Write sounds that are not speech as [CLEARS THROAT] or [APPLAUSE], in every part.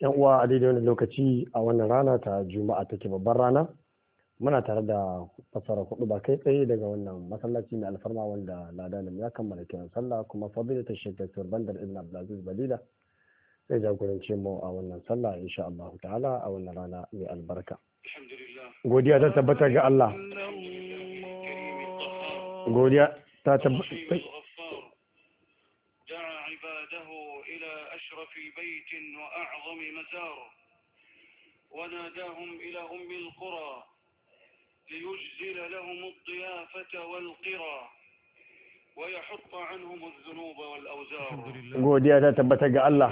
yan uwa a daidai wani lokaci a wannan rana ta juma'a take babbar rana muna tare da fasara kudu ba kai tsaye daga wannan masallaci mai alfarma wanda ladanin ya kammala kiran sallah kuma fadila ta shekar bandar ibn abdulaziz balila zai jagorance mu a wannan sallah insha Allah ta'ala a wannan rana mai albarka godiya ta tabbata ga Allah godiya ta tabbata أكثر في بيت وأعظم مسار وناداهم إلى أم القرى ليجزل لهم الضيافة والقرى godiya ta tabbata ga Allah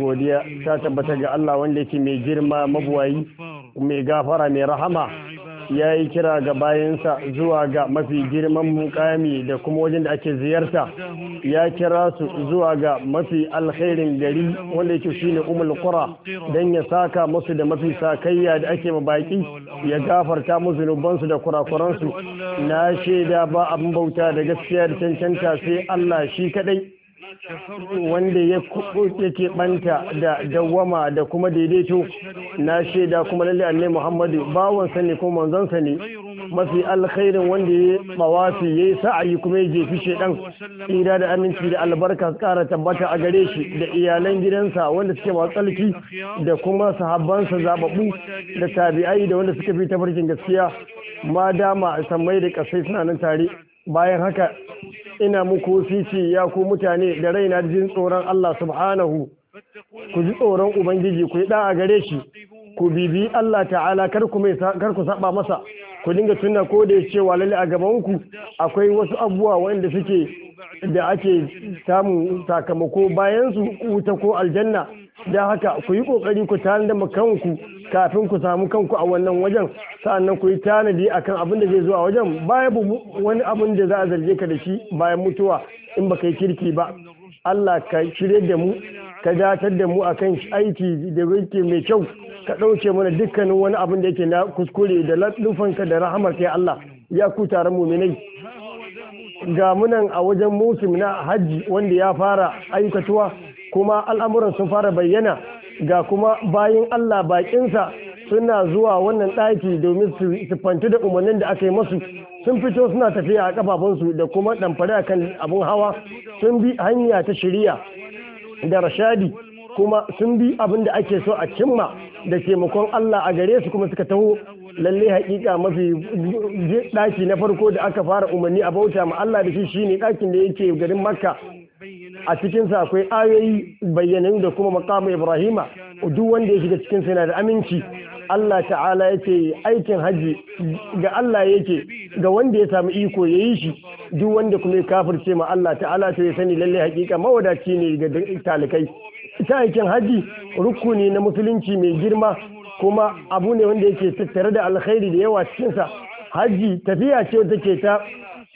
godiya ta tabbata ga Allah wanda yake mai girma mabuwayi mai gafara mai rahama ya yi kira ga bayansa zuwa ga mafi girman mukami da kuma wajen da ake ziyarta ya kira su zuwa ga mafi alkhairin gari wanda yake shine umul qura dan ya saka musu da mafi sakayya da ake ma baki ya gafarta musu zunubansu da kurakuransu na shaida ba abin bauta da gaskiya da cancanta sai Allah shi kadai wanda ya yake banta da dawwama da kuma daidaito na shaida kuma lalle annai muhammadu Bawansa sani ko manzon sani mafi alkhairin wanda ya bawafi ya yi sa'ayi kuma ya jefi shaidan tsira da aminci da albarka kara tabbata a gare shi da iyalan gidansa wanda suke masu tsalki da kuma sahabbansa zababbu da tabi'ai da wanda suka fi tafarkin gaskiya ma dama a sammai da kasai suna nan tare bayan haka ina muku sisi ya ku mutane da raina jin tsoron Allah subhanahu ku ji tsoron ubangiji ku yi da a gare shi ku bibi Allah ta'ala kar ku mai masa ku dinga tuna ko da cewa lalle a gaban ku akwai wasu abubuwa wanda suke da ake samun sakamako bayan su ta ko aljanna da haka ku yi ƙoƙari ku da kanku kafin ku samu kanku a wannan wajen sa'annan ku yi tanadi akan abin da zai zuwa wajen baya bu wani abin da za a zarge ka da shi bayan mutuwa in baka yi kirki ba Allah ka shirye da mu ka datar da mu akan aiki da yake mai kyau ka ɗauke mana dukkanin wani abin da yake na kuskure da lufanka da rahamar kai Allah ya ku taron muminai ga munan a wajen musim na hajji wanda ya fara aikatuwa kuma al'amuran sun fara bayyana ga kuma bayin Allah bakinsa suna zuwa wannan ɗaki domin su siffanci da umarnin da aka yi masu sun fito suna tafiya a kafafunsu da kuma ɗamfare a kan abin hawa sun bi hanya ta shirya da rashadi kuma sun bi abin da ake so a cimma da taimakon Allah a gare su kuma suka taho lalle hakika mafi ɗaki na farko da aka fara umarni a bauta ma Allah da shi shine ɗakin da yake garin Makka a cikinsa akwai ayoyi bayyanayu da kuma makamu ibrahima duk wanda ya shiga cikinsa yana da aminci Allah ta'ala ya ce aikin hajji ga Allah yake ga wanda ya samu iko ya yi shi duk wanda kuma ya kafirce ma Allah ta'ala sai ya sani lalle hakika mawadaci ne ga talikai ita aikin hajji rukuni na musulunci mai girma kuma abu ne wanda yake tattare da alkhairi da yawa cikinsa hajji tafiya ce take ta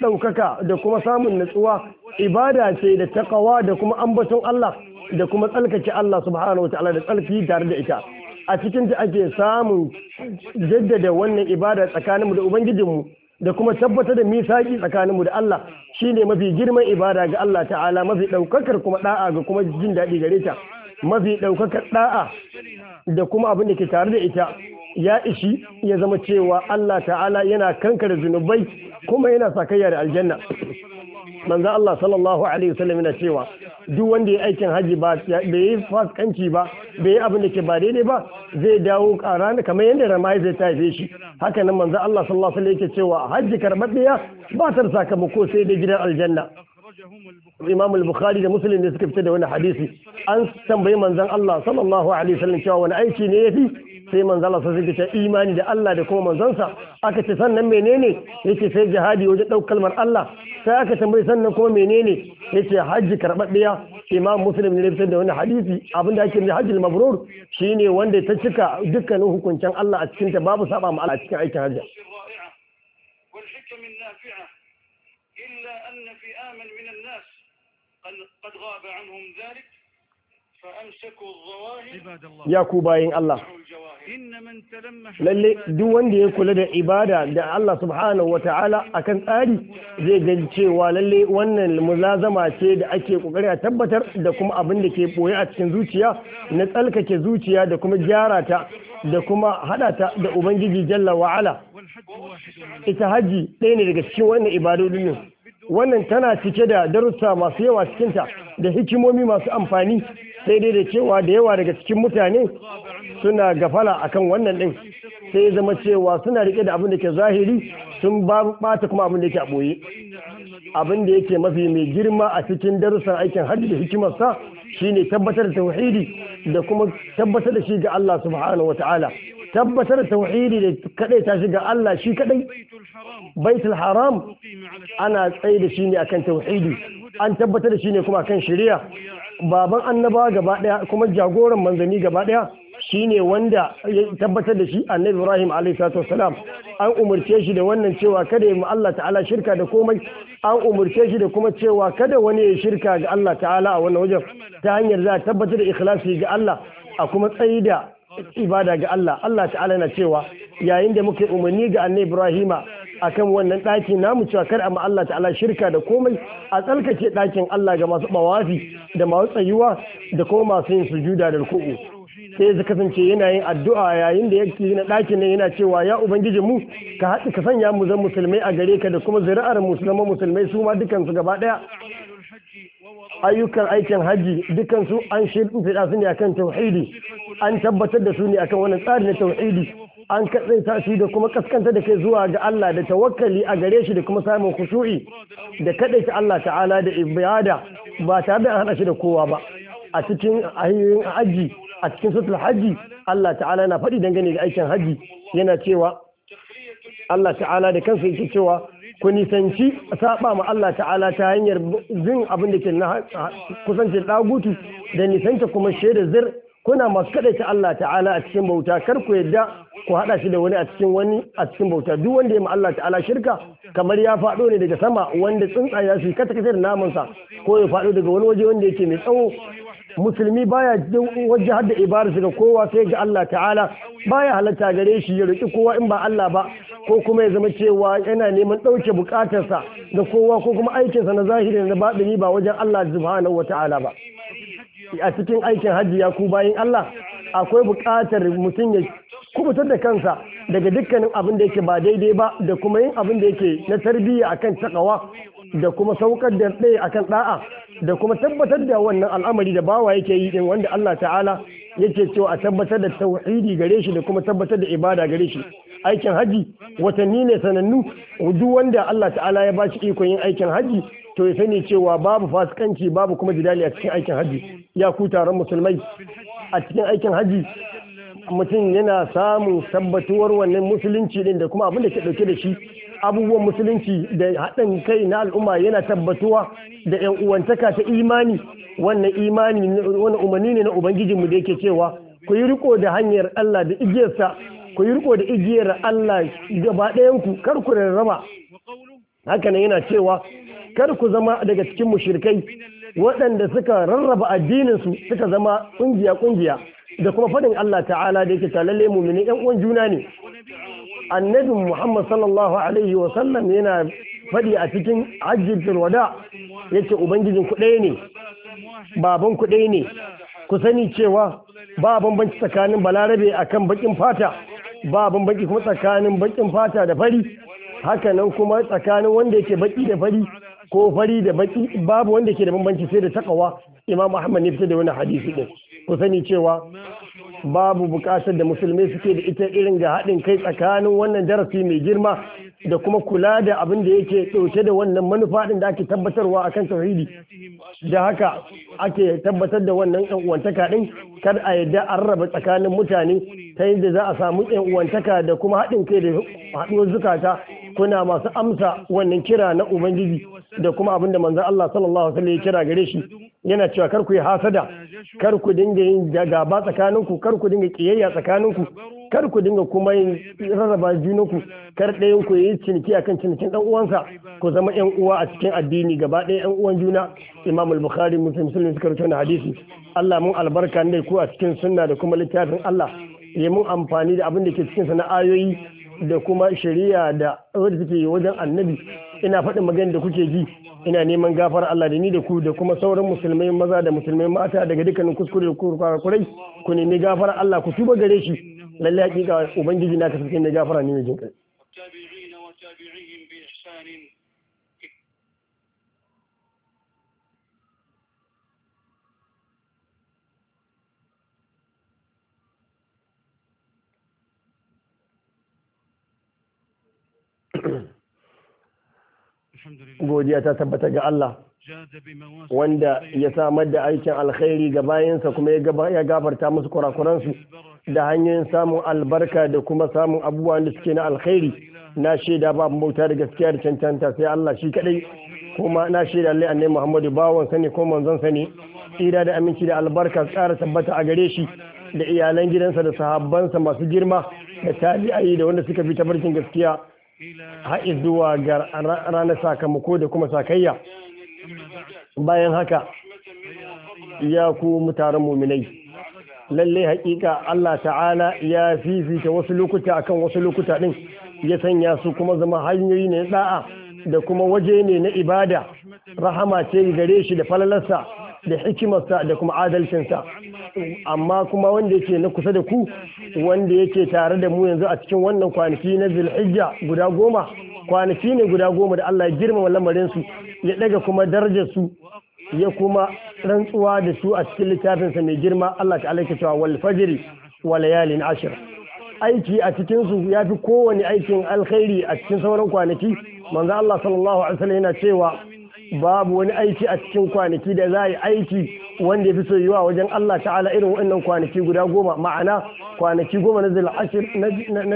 ɗaukaka da kuma samun natsuwa ibada ce da taqawa da kuma ambaton Allah da kuma tsalkake Allah subhanahu wataala da tsalki tare da ita a cikin ta ake samun jaddada wannan ibada tsakaninmu da ubangijinmu da kuma tabbatar da misaki tsakaninmu da Allah shine mafi girman ibada ga Allah ta'ala mafi ɗaukakar kuma da'a ga kuma jin daɗi gare ta mafi ɗaukakar da'a da kuma abin da ke tare da ita ya ishi ya zama cewa Allah ta'ala yana kankare zunubai kuma yana sakayya da aljanna manzo Allah sallallahu alaihi wasallam yana cewa duk wanda ya aikin haji ba bai yi faskanci ba bai yi abin da ke ba daidai ba zai dawo a rana kamar yadda ramai zai tafe shi haka nan manzo Allah sallallahu alaihi wasallam yake cewa haji karɓaɗɗiya ba ta sakamako sai da gidan aljanna Imam al-Bukhari da Muslim ne suka fitar da wani hadisi an tambayi manzon Allah sallallahu alaihi wasallam cewa wani aiki ne yafi sai manzala sun suka ta imani da Allah da kuma manzansa aka ce sannan menene yace sai jihadi wajen ɗaukar kalmar Allah sai aka tambaye sannan kuma menene yace hajji karɓaɗɗiya imam muslim ne rubuta da wani hadisi abinda ake da hajjil mabrur shine wanda ta cika dukkanin hukuncin Allah a cikin ta babu saba ma Allah cikin aikin hajji إلا أن فئاما من الناس قد غاب عنهم ذلك ya ku bayin Allah lalle duk wanda ya kula da ibada da Allah subhanahu wata'ala akan tsari zai gani cewa lalle wannan mulazama ce da ake kokari a tabbatar da kuma abin da ke boye a cikin zuciya na tsalkake zuciya da kuma gyara ta da kuma hada ta da ubangiji jalla wa'ala ita hajji ɗaya ne daga cikin wannan ibadodin wannan tana cike da darussa masu yawa cikinta da hikimomi masu amfani sai dai da cewa da yawa daga cikin mutane suna gafala akan wannan ɗin sai zama cewa suna rike da abin da ke zahiri sun ba bata kuma abin da yake a abin da yake mafi mai girma a cikin darussan aikin hajji da hikimarsa shine tabbatar da tauhidi da kuma tabbatar da shi ga Allah subhanahu wa ta'ala tabbatar da tauhidi da kadai ta ga Allah shi kadai baitul haram ana tsaye da shi ne akan tauhidi an tabbatar da shi ne kuma akan shari'a baban annaba gaba daya kuma jagoran manzani gaba daya shine wanda ya tabbatar da shi annabi ibrahim alaihissalam an umarce shi da wannan cewa kada ya Allah ta'ala shirka da komai an umarce shi da kuma cewa kada wani ya shirka ga Allah ta'ala a wannan wajen ta hanyar za a tabbatar da ikhlasi ga Allah a kuma tsayi da ibada ga Allah Allah ta'ala yana cewa yayin da muke umarni ga annabi Ibrahima akan wannan ɗaki namu cewa kar amma Allah ta'ala shirka da komai a tsalkace ɗakin Allah ga masu bawafi da masu tsayuwa da kuma masu yin sujuda da ruku'u sai ya kasance yana yin addu'a yayin da yake na ɗakin nan yana cewa ya ubangiji mu ka haɗu ka sanya mu zan musulmai a gare ka da kuma zuri'ar musulman musulmai su ma dukansu gaba ɗaya ayyukan aikin hajji dukansu an shirɗin fiɗa su ne akan tauhidi an tabbatar da su ne akan wannan tsari na tauhidi an katsaita shi da kuma kaskanta da kai zuwa ga Allah da tawakkali a gare shi da kuma samun kushu'i da kadaita Allah ta'ala da ibada ba tare da an hada shi da kowa ba a cikin ayoyin haji a cikin sutul hajji, Allah ta'ala na faɗi dangane da aikin hajji, yana cewa Allah ta'ala da kansa yake cewa ku nisanci saba ma Allah ta'ala ta hanyar zin abin da ke na kusancin dagutu da nisanta kuma shaidar zir kuna masu ta Allah ta'ala a cikin bauta kar ku yadda ku haɗa shi da wani a cikin wani a cikin bauta duk wanda ya ma Allah ta'ala shirka kamar ya faɗo ne daga sama wanda tsuntsaye ya shi kata kata da namansa ko ya faɗo daga wani waje wanda yake mai tsawo musulmi baya wajen hadda ibaris ga kowa sai ga Allah ta'ala baya halatta gare shi ya roƙi kowa in ba Allah ba ko kuma ya zama cewa yana neman ɗauke buƙatarsa ga kowa ko kuma aikinsa na zahiri na baɗini ba wajen Allah subhanahu wa ta'ala ba. a cikin aikin hajji ya ku bayin Allah akwai buƙatar mutum ya kubutar da kansa daga dukkanin abin da yake ba daidai ba da kuma yin abin da yake na tarbiyya akan takawa da kuma saukar da tsaye akan ɗa'a, da kuma tabbatar da wannan al'amari da bawa yake yi din wanda Allah ta'ala yake cewa a tabbatar da tauhidi gare shi da kuma tabbatar da ibada gare shi aikin haji watanni ne sanannu duk wanda Allah ta'ala ya ba shi ikon yin aikin haji to ya sani cewa babu fasikanci babu kuma jidali a cikin aikin haji ya ku taron musulmai a cikin aikin haji mutum yana samun tabbatuwar wannan musulunci din da kuma abin da ke dauke da shi abubuwan musulunci da haɗin kai na al'umma yana tabbatuwa da yan uwantaka ta imani wannan imani wannan umarni ne na ubangijinmu da yake cewa ku yi riko da hanyar Allah da igiyarsa ku yi riko da igiyar Allah gaba ɗayan ku kar ku rarraba haka nan yana cewa kar ku zama daga cikin mushrikai waɗanda suka rarraba addininsu suka zama ƙungiya ƙungiya da kuma faɗin Allah ta'ala da yake ta lalle mumini ƴan uwan juna ne annabi Muhammad sallallahu alaihi wa sallam yana faɗi a cikin hajjatul wada yace ubangijin ku ɗaya ne baban ku ɗaya ne ku sani cewa ba bambanci tsakanin balarabe akan bakin fata ba bambanci kuma tsakanin bakin fata da fari haka nan kuma tsakanin wanda yake baki da fari ko fari da baki babu wanda ke da bambanci sai da takawa imam ahmad ne fitar da wani hadisi din ku sani cewa babu bukatar da musulmai suke da ita irin ga haɗin kai tsakanin wannan darasi mai girma da kuma kula da abin da yake ɗauke da wannan manufa ɗin da ake tabbatarwa a kan tauhidi da haka ake tabbatar da wannan ɗan uwantaka ɗin kar a yadda an raba tsakanin mutane ta yadda za a samu ɗan uwantaka da kuma haɗin kai da haɗuwar zukata kuna masu amsa wannan kira na ubangiji da kuma abin da manzon Allah sallallahu alaihi wasallam ya kira gare shi yana cewa kar ku yi hasada kar ku dinga yin gaba tsakaninku kar ku dinga kiyayya tsakaninku kar ku dinga kuma yin rarraba junanku kar ɗayan ku yi ciniki akan cinikin ɗan uwansa ku zama ƴan uwa a cikin addini gaba ɗaya ƴan uwan juna Imam al-Bukhari Muslim Muslim suka rubuta hadisi Allah mun albarka ne ku a cikin sunna da kuma littafin Allah ya mun amfani da abin da ke cikin sana'ayoyi da kuma shari'a da wadda take wajen annabi ina faɗin magana da kuke ji ina neman gafar Allah da ni da ku da kuma sauran musulmai maza da musulmai mata daga dukkanin kuskure da kurakurai ku nemi gafar Allah ku tuba gare shi lallai hakika ubangiji na kasance ne gafara ne mai jinkai godiya ta tabbata ga Allah wanda ya samar da aikin alkhairi ga bayansa kuma ya gafarta musu kurakuransu da hanyoyin samun albarka da kuma samun abubuwan da suke na alkhairi na shaida babu bauta da gaskiya da cancanta sai Allah shi kadai kuma na shaida Allah annabi Muhammadu bawan sani ko manzon sani tsira da aminci da albarka tsara tabbata a gare shi da iyalan gidansa da sahabbansa masu girma da tabi'ai da wanda suka fi tabarkin gaskiya haɗi zuwa ga ranar sakamako da kuma sakayya bayan haka ya ku mutaren muminai Lallai haƙiƙa Allah ta'ala ya fifita wasu lokuta akan wasu lokuta ɗin ya sanya su kuma zama hanyoyi ne da'a da kuma waje ne na ibada rahama ce gare shi da falalarsa da hikimarsa da kuma adalcinsa amma kuma wanda yake na kusa da ku wanda yake tare da mu yanzu a cikin wannan kwanaki na zulhijja guda goma kwanaki ne guda goma da Allah ya girmama lamarin su ya daga kuma darajar su ya kuma rantsuwa da su a cikin littafinsa mai girma Allah ta alaka cewa wal fajri wa layalin ashir aiki a cikin su yafi kowane aikin alkhairi a cikin sauran kwanaki manzo Allah sallallahu alaihi wasallam yana cewa babu wani aiki a cikin kwanaki da za a yi aiki wanda ya fi so soyuwa wajen Allah ta'ala irin wannan kwanaki guda goma ma'ana kwanaki goma na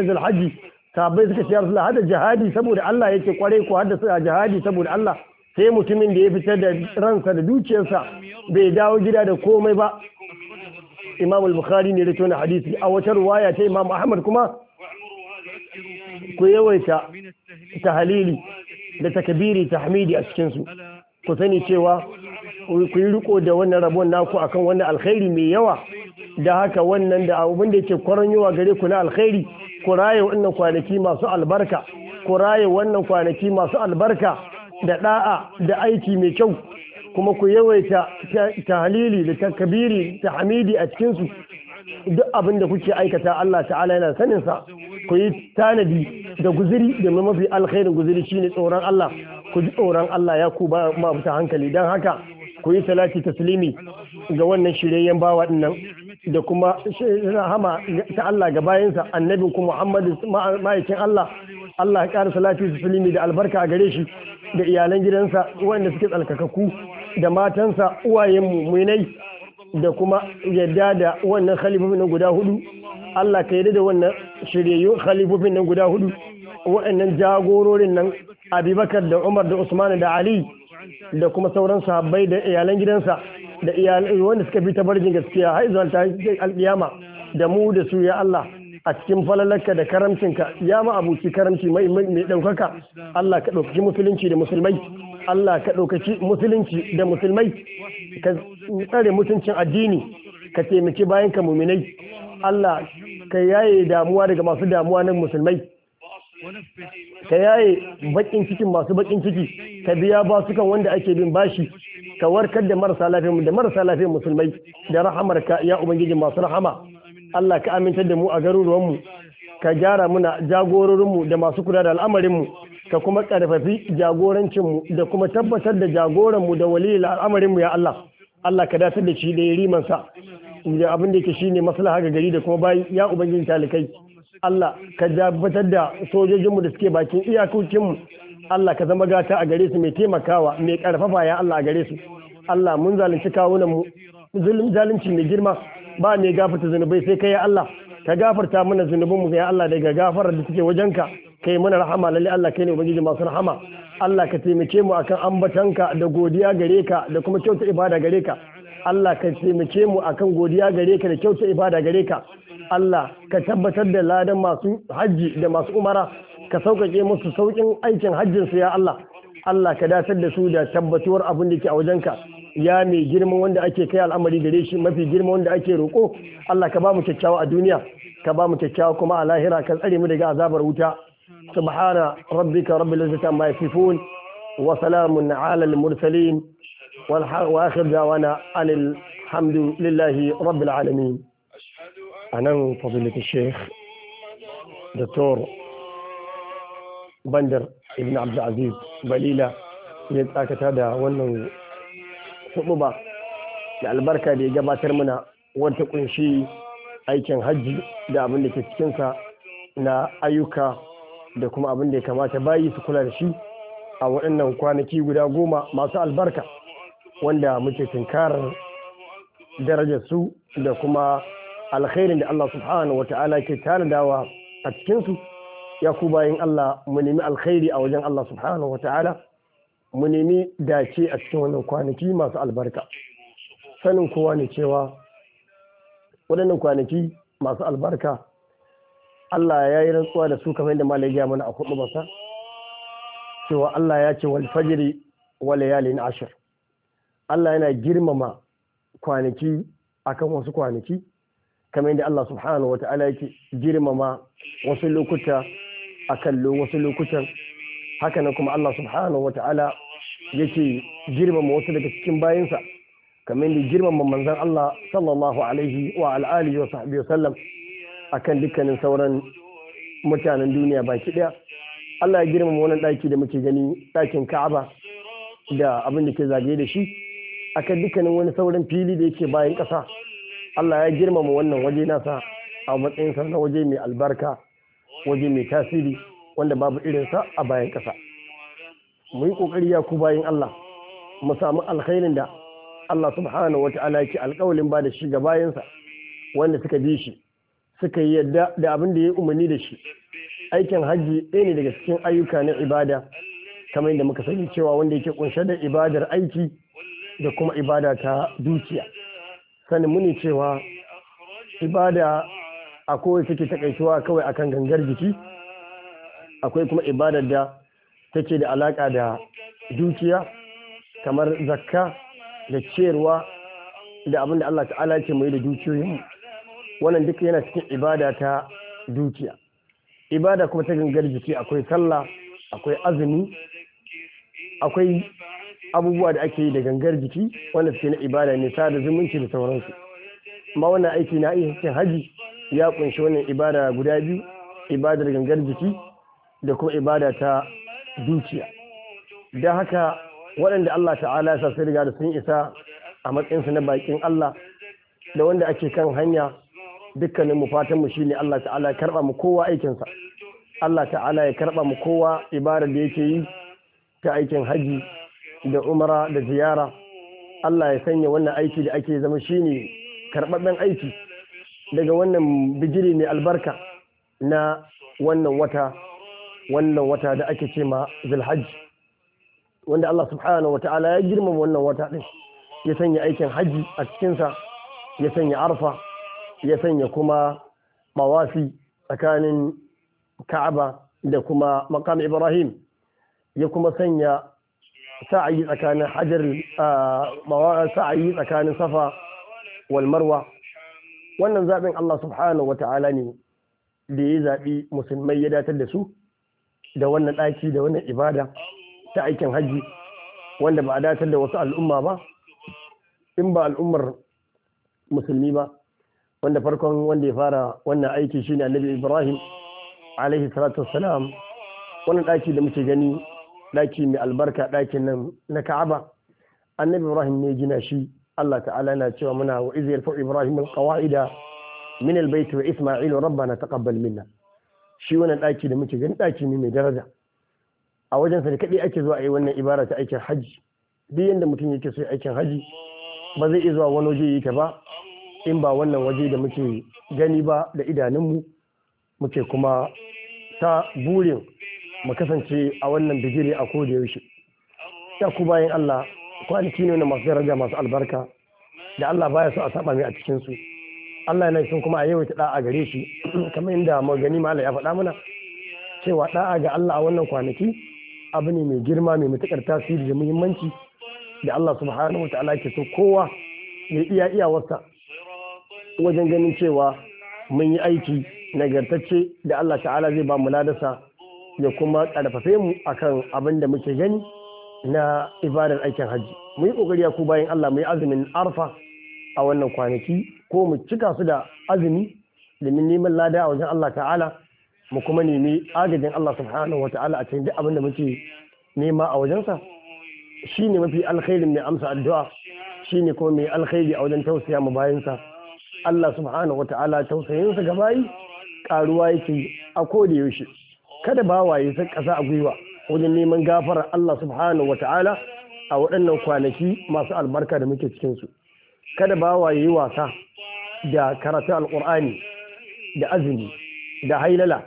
zulhaji sabai suka ce rasulullah hada jihadi saboda Allah yake kwarai ko hada suna jihadi saboda Allah sai mutumin da ya fitar da ransa da dukiyarsa bai dawo gida da komai ba imam al-bukhari ne da tona hadisi a wata ruwaya ta imam ahmad kuma ku yawaita ta halili. da takabiri tahmidi a cikinsu ku sani cewa ku yi riko da wannan rabon naku akan wannan alkhairi mai yawa da haka wannan da abin da yake kwaranyowa yawa gare ku na alkhairi ku raye wannan kwanaki masu albarka ku raye wannan kwanaki masu albarka da da'a da aiki mai kyau kuma ku yawaita halili da takabiri ta hamidi a cikinsu duk abin da kuke aikata Allah ta'ala yana saninsa ku yi tanadi da guziri da mafi alkhairin guziri shine tsoron Allah ku ji tsoron Allah ya ku ba mafuta hankali don haka ku yi salati taslimi ga wannan shiryayyen bawa dinnan da kuma hama ta Allah ga bayansa annabin ku Muhammadu ma'aikin Allah Allah ya ƙara salati taslimi da albarka a gare shi da iyalan gidansa wanda suke tsalkakaku da matansa uwayenmu muinai da kuma yadda da wannan na guda hudu Allah ka yarda da wannan shiryayyu khalifofin nan guda hudu waɗannan jagororin nan Abubakar da Umar da Usman da Ali da kuma sauran sahabbai da iyalan gidansa da iyalan wanda suka bi ta barjin gaskiya har zuwa ta alƙiyama da mu da su ya Allah a cikin falalarka da karamcinka ya ma abuci karamci mai mai ɗaukaka Allah ka ɗaukaki musulunci da musulmai Allah ka ɗaukaki musulunci da musulmai ka tsare mutuncin addini ka taimaki bayan ka muminai Allah ka yaye damuwa daga masu damuwa na musulmai ka yaye bakin cikin masu bakin ciki ka biya basukan wanda ake bin bashi ka warkar da marasa lafiyar da marasa lafiyar musulmai da rahamarka ya ubangiji masu rahama Allah ka amintar da mu a garuruwanmu ka gyara muna jagororinmu da masu kula da al'amarinmu ka kuma ƙarfafi jagorancinmu da kuma tabbatar da jagoranmu da al'amarin al'amarinmu ya Allah Allah ka datar da shi da ya rimansa da abin da yake shine maslaha ga gari da kuma bayi ya ubangiji talikai Allah ka tabbatar da sojojinmu da suke bakin iyakokinmu Allah ka zama gata a gare su mai taimakawa mai karfafa ya Allah a gare su Allah mun zalunci kawunan mu zalunci mai girma ba mai gafarta zunubai sai kai ya Allah ka gafarta mana zunubin mu ya Allah daga gafarar da suke wajenka kai mana rahama lalle Allah kai ne ubangiji masu rahama Allah ka taimake mu akan ambatanka da godiya gare ka da kuma kyauta ibada gare ka Allah ka taimake mu akan godiya gare ka da kyauta ibada gare ka Allah ka tabbatar da ladan masu hajji da masu umara ka sauƙaƙe musu sauƙin aikin hajjin su ya Allah Allah ka datar da su da tabbatuwar abin da ke a wajenka ya mai girman wanda ake kai al'amari gare shi mafi girman wanda ake roƙo Allah ka ba mu kyakkyawa a duniya ka ba mu kyakkyawa kuma a lahira ka tsare mu daga azabar wuta سبحان ربك رب العزة عما يصفون وسلام على المرسلين وآخر دعوانا أن الحمد لله رب العالمين أنا فضيلة الشيخ دكتور بندر ابن عبد العزيز بليلة يتأكد هذا وأنه خطبة البركة دي جباتر منا وانتقل شيء aikin hajji da abin da ke cikinsa na ayyuka da kuma abin da ya kamata bayi su kula da shi a waɗannan kwanaki guda goma masu albarka wanda muke tunkarar darajar su da kuma alkhairin da Allah subhanahu wata'ala ke dawa a cikinsu ya ku bayan Allah mu nemi alkhairi a wajen Allah subhanahu wata'ala mu nemi dace a cikin wannan kwanaki masu albarka sanin kowa ne cewa waɗannan kwanaki masu albarka Allah ya yi rantsuwa da su kamar yadda malai ya mana a kudu basa cewa Allah ya ce wal fajiri wal layalin ashir Allah yana girmama kwanaki akan wasu kwanaki kamar yadda Allah subhanahu wa ta'ala yake girmama wasu lokuta akan wasu lokutan haka nan kuma Allah subhanahu wa ta'ala yake girmama wasu daga cikin bayansa kamar yadda girmama manzon Allah sallallahu alaihi wa al'ali wa sahbihi wa sallam akan dukkanin sauran mutanen duniya baki ɗaya Allah ya girmama wannan daki da muke gani ɗakin Ka'aba da abin da ke zagaye da shi akan dukkanin wani sauran fili da yake bayan ƙasa Allah ya girmama wannan waje nasa a matsayin sa na waje mai albarka waje mai tasiri wanda babu irinsa a bayan ƙasa mu yi ƙoƙari ya ku bayan Allah mu samu alkhairin da Allah subhanahu wa ta'ala yake alƙawalin ba da shi ga bayansa wanda suka bi shi suka yi yadda da abin da ya yi umarni da shi aikin hajji ɗaya ne daga cikin ayyuka na ibada kamar yadda muka sani cewa wanda yake kunshe da ibadar aiki da kuma ibada ta dukiya sanin muni cewa ibada a kowai take takaituwa kawai akan gangar jiki akwai kuma ibadar da take da alaka da dukiya kamar zakka da ciyarwa da abin da Allah ta'ala ce mai da dukiyoyinmu wannan duk yana cikin ibada ta dukiya ibada kuma ta gangar jiki akwai sallah akwai azumi akwai abubuwa da ake yi da gangar jiki wanda suke na ibada ne da zumunci da sauransu amma wannan aiki na iya cikin haji ya kunshi wannan ibada guda biyu ibadar gangar jiki da kuma ibada ta dukiya don haka waɗanda Allah ta'ala ya sa riga da sun isa a matsayinsu na bakin Allah da wanda ake kan hanya dukkanin mu fatan mu shine Allah ta'ala ya karba mu kowa aikinsa Allah ta'ala ya karba mu kowa ibadar da yake yi ta aikin haji da umara da ziyara Allah ya sanya wannan aiki da ake zama shine karɓaɓɓen aiki daga wannan bijiri ne albarka na wannan wata wannan wata da ake ce ma zulhajji wanda Allah subhanahu wa ta'ala ya girmama wannan wata din ya sanya aikin haji a cikinsa ya sanya arfa ya sanya kuma mawafi tsakanin ka'aba da kuma makam ibrahim ya kuma sanya sa'ayi tsakanin hajar sa'ayi tsakanin safa wal marwa wannan zaɓin Allah subhanahu wa ta'ala ne da ya zaɓi musulmai ya datar da su da wannan ɗaki da wannan ibada ta aikin hajji wanda ba a datar da wasu al'umma ba in ba al'ummar musulmi ba wanda farkon wanda ya fara wannan aiki shine annabi ibrahim alaihi salatu wassalam wannan ɗaki da muke gani ɗaki mai albarka ɗakin nan na ka'aba annabi ibrahim ne gina shi allah ta'ala yana cewa muna wa iz yarfa ibrahim alqawaida min albayt wa isma'il rabbana taqabbal minna shi wannan ɗaki da muke gani ɗaki ne mai daraja a wajen sa kadai ake zuwa yi wannan ibara ta aikin haji duk yanda mutum yake so aikin haji ba zai iya zuwa wani waje yi ta ba in ba wannan waje da muke gani ba da idanunmu muke kuma ta burin mu kasance a wannan bigire a koda yaushe ya ku bayan Allah kwanaki ne na masu daraja masu albarka da Allah baya so a saba mai a cikin su Allah yana son kuma a yawaita da'a gare shi [CLEARS THROAT] kamar mu gani mala ya faɗa mana cewa da'a ga Allah a wannan kwanaki abu ne mai girma mai matukar tasiri da muhimmanci da Allah subhanahu wa ta'ala ke so kowa ya iya iya iyawarsa wajen ganin cewa mun yi aiki nagartacce da Allah ta'ala zai ba mu ladasa ya kuma ƙarfafe mu akan abin da muke gani na ibadar aikin hajji mu yi ƙoƙari ya ku bayan Allah mu yi azumin arfa a wannan kwanaki ko mu cika su da azumi domin neman lada a wajen Allah ta'ala mu kuma nemi agajin Allah subhanahu wa ta'ala a cikin duk abin da muke nema a wajensa shine mafi alkhairi mai amsa addu'a shine kuma mai alkhairi a wajen tausaya mu bayansa Allah subhanahu wata'ala tausayin sa gabayi karuwa yake a koda yaushe kada bawaye san kasa a gwiwa wajen neman gafara Allah subhanahu wata'ala a waɗannan kwanaki masu albarka da muke cikin su kada bawaye wasa da karatu alqur'ani da azumi da hailala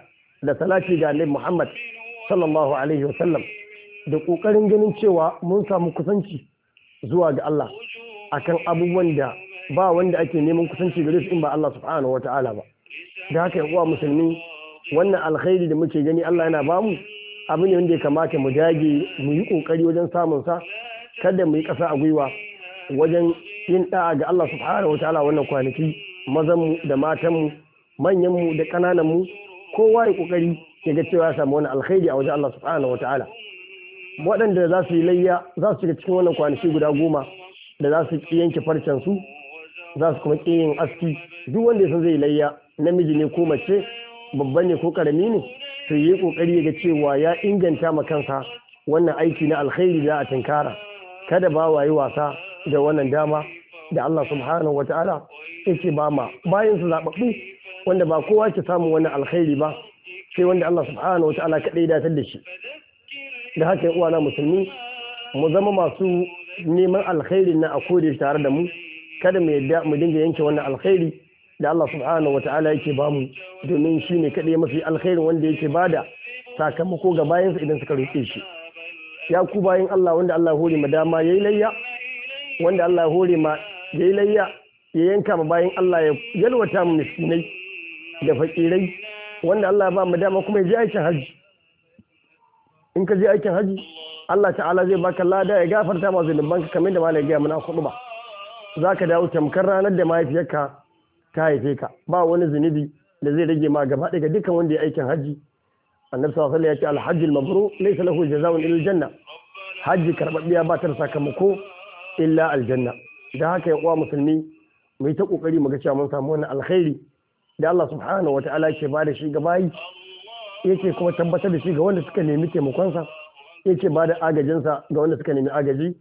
da salati ga annabi Muhammad sallallahu alaihi wasallam da ƙoƙarin ganin cewa mun samu kusanci zuwa ga Allah akan abubuwan da ba wanda ake neman kusanci gare su in ba Allah subhanahu wa ta'ala ba da haka yan uwa musulmi wannan alkhairi da muke gani Allah yana bamu abu ne wanda ya kamata mu dage mu yi kokari wajen samun sa kada mu yi ƙasa a gwiwa wajen yin da'a ga Allah subhanahu wa ta'ala wannan kwanaki mazan mu da matan mu manyan mu da ƙananan mu kowa ya kokari ya ga cewa ya samu wani alkhairi a wajen Allah subhanahu wa ta'ala waɗanda za su yi layya za su shiga cikin wannan kwanaki guda goma da za su yanke farcen su za su kuma ƙi yin aski duk wanda ya san zai layya namiji ne ko mace babba ne ko karami ne to yi kokari ya ga cewa ya inganta ma kansa wannan aiki na alkhairi da a tinkara kada ba wayi wasa da wannan dama da Allah subhanahu wa ta'ala yake ba ma bayan su zababbu wanda ba kowa ke samun wannan alkhairi ba sai wanda Allah subhanahu wa ta'ala ya datar da shi da haka uwana musulmi mu zama masu neman alkhairin na a kode tare da mu kada mu yadda mu dinga yanke wannan alkhairi da Allah subhanahu wa ta'ala yake bamu domin shi ne kaɗai mafi alkhairin wanda yake bada sakamako ga bayansa idan suka roƙe shi ya ku bayan Allah wanda Allah ya hore ma dama yayi layya wanda Allah ya hore ma yayi layya ya yanka ma bayan Allah ya yalwata mu miskinai da fakirai wanda Allah ya ba mu dama kuma ya je aikin haji in ka je aikin haji Allah ta'ala zai baka lada ya gafarta ma zunubanka kamar da malai ya gaya mana kuɗu ba za ka dawo tamkar ranar da mahaifiyarka ta haife ka ba wani zunubi da zai rage ma gaba daga dukkan wanda ya aikin hajji annabi sallallahu alaihi wasallam ya ce alhajjil al-mabrur laysa lahu jazaa'un illa janna hajji karbabbiya ba ta sakamako illa aljanna da haka yan uwa musulmi mu yi ta kokari mu ga cewa mun samu wannan alkhairi da Allah subhanahu wa ta'ala yake ba da shi ga bayi yake kuma tabbatar da shi ga wanda suka nemi taimakonsa yake ba da agajinsa ga wanda suka nemi agaji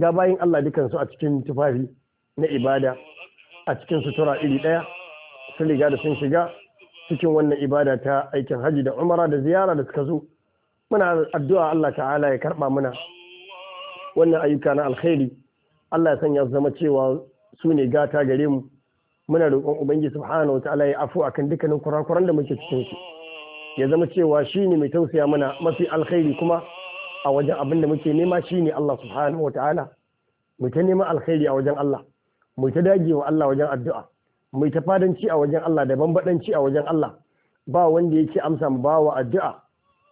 ga bayin Allah dukansu a cikin tufafi na ibada a cikin sutura iri ɗaya sun riga da sun shiga cikin wannan ibada ta aikin haji da umara da ziyara da suka zo muna addu'a Allah ta'ala ya karɓa mana wannan ayyuka na alkhairi Allah ya sanya su zama cewa su ne gata gare mu muna roƙon ubangiji subhanahu wa ta'ala ya afu akan dukkanin kurakuran da muke cikin su ya zama cewa shine mai tausaya mana mafi alkhairi kuma a wajen abin da muke nema shi ne Allah subhanahu wataala mu ta neman alkhairi a wajen Allah mu ta wa Allah wajen addu'a mu ta fadanci a wajen Allah da banbadanci a wajen Allah ba wanda yake amsa mu ba wa addu'a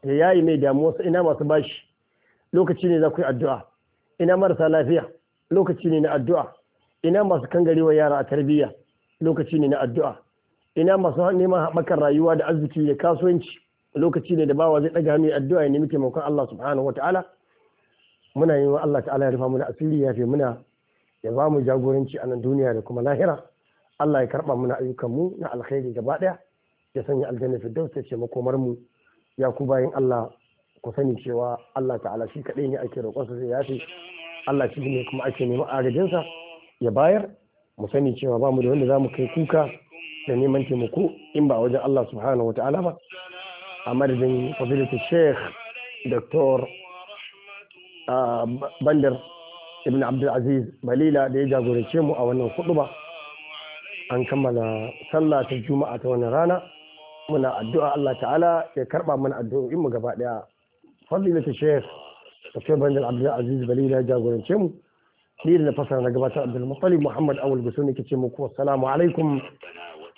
ya yayi mai damuwa sai ina masu bashi lokaci ne za ku yi addu'a ina marasa lafiya lokaci ne na addu'a ina masu wa yara a tarbiyya lokaci ne na addu'a ina masu neman haɓakar rayuwa da arziki da kasuwanci lokaci ne da bawa zai ɗaga hannu addu'a ya nemi taimakon Allah subhanahu wa ta'ala muna yi wa Allah ta'ala ya rufa mana asiri ya fi muna ya ba mu jagoranci a nan duniya da kuma lahira Allah ya karɓa mana ayyukan mu na alkhairi gaba ɗaya ya sanya aljanna fi dausa ce makomar mu ya ku bayan Allah ku sani cewa Allah ta'ala shi kaɗai ne ake roƙonsa sai ya fi Allah shi ne kuma ake neman agajinsa ya bayar mu sani cewa ba mu da wanda za mu kai kuka da neman taimako in ba wajen Allah subhanahu wa ta'ala ba a madadin fadilatu sheikh dr bandar ibn abdulaziz balila da ya jagorance mu a wannan kuɗuba an kammala sallah ta juma'a ta wannan rana muna addu'a Allah ta'ala ya karba mana addu'o'in mu gaba daya fadilatu sheikh dr bandar abdulaziz balila ya jagorance mu ni da na fasara na gabatar abdul muttalib muhammad awul gusuni ke ce muku assalamu alaikum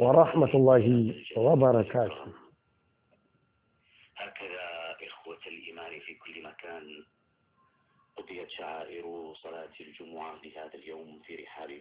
wa rahmatullahi wa barakatuh ألقيت شعائر صلاة الجمعة لهذا اليوم في رحاب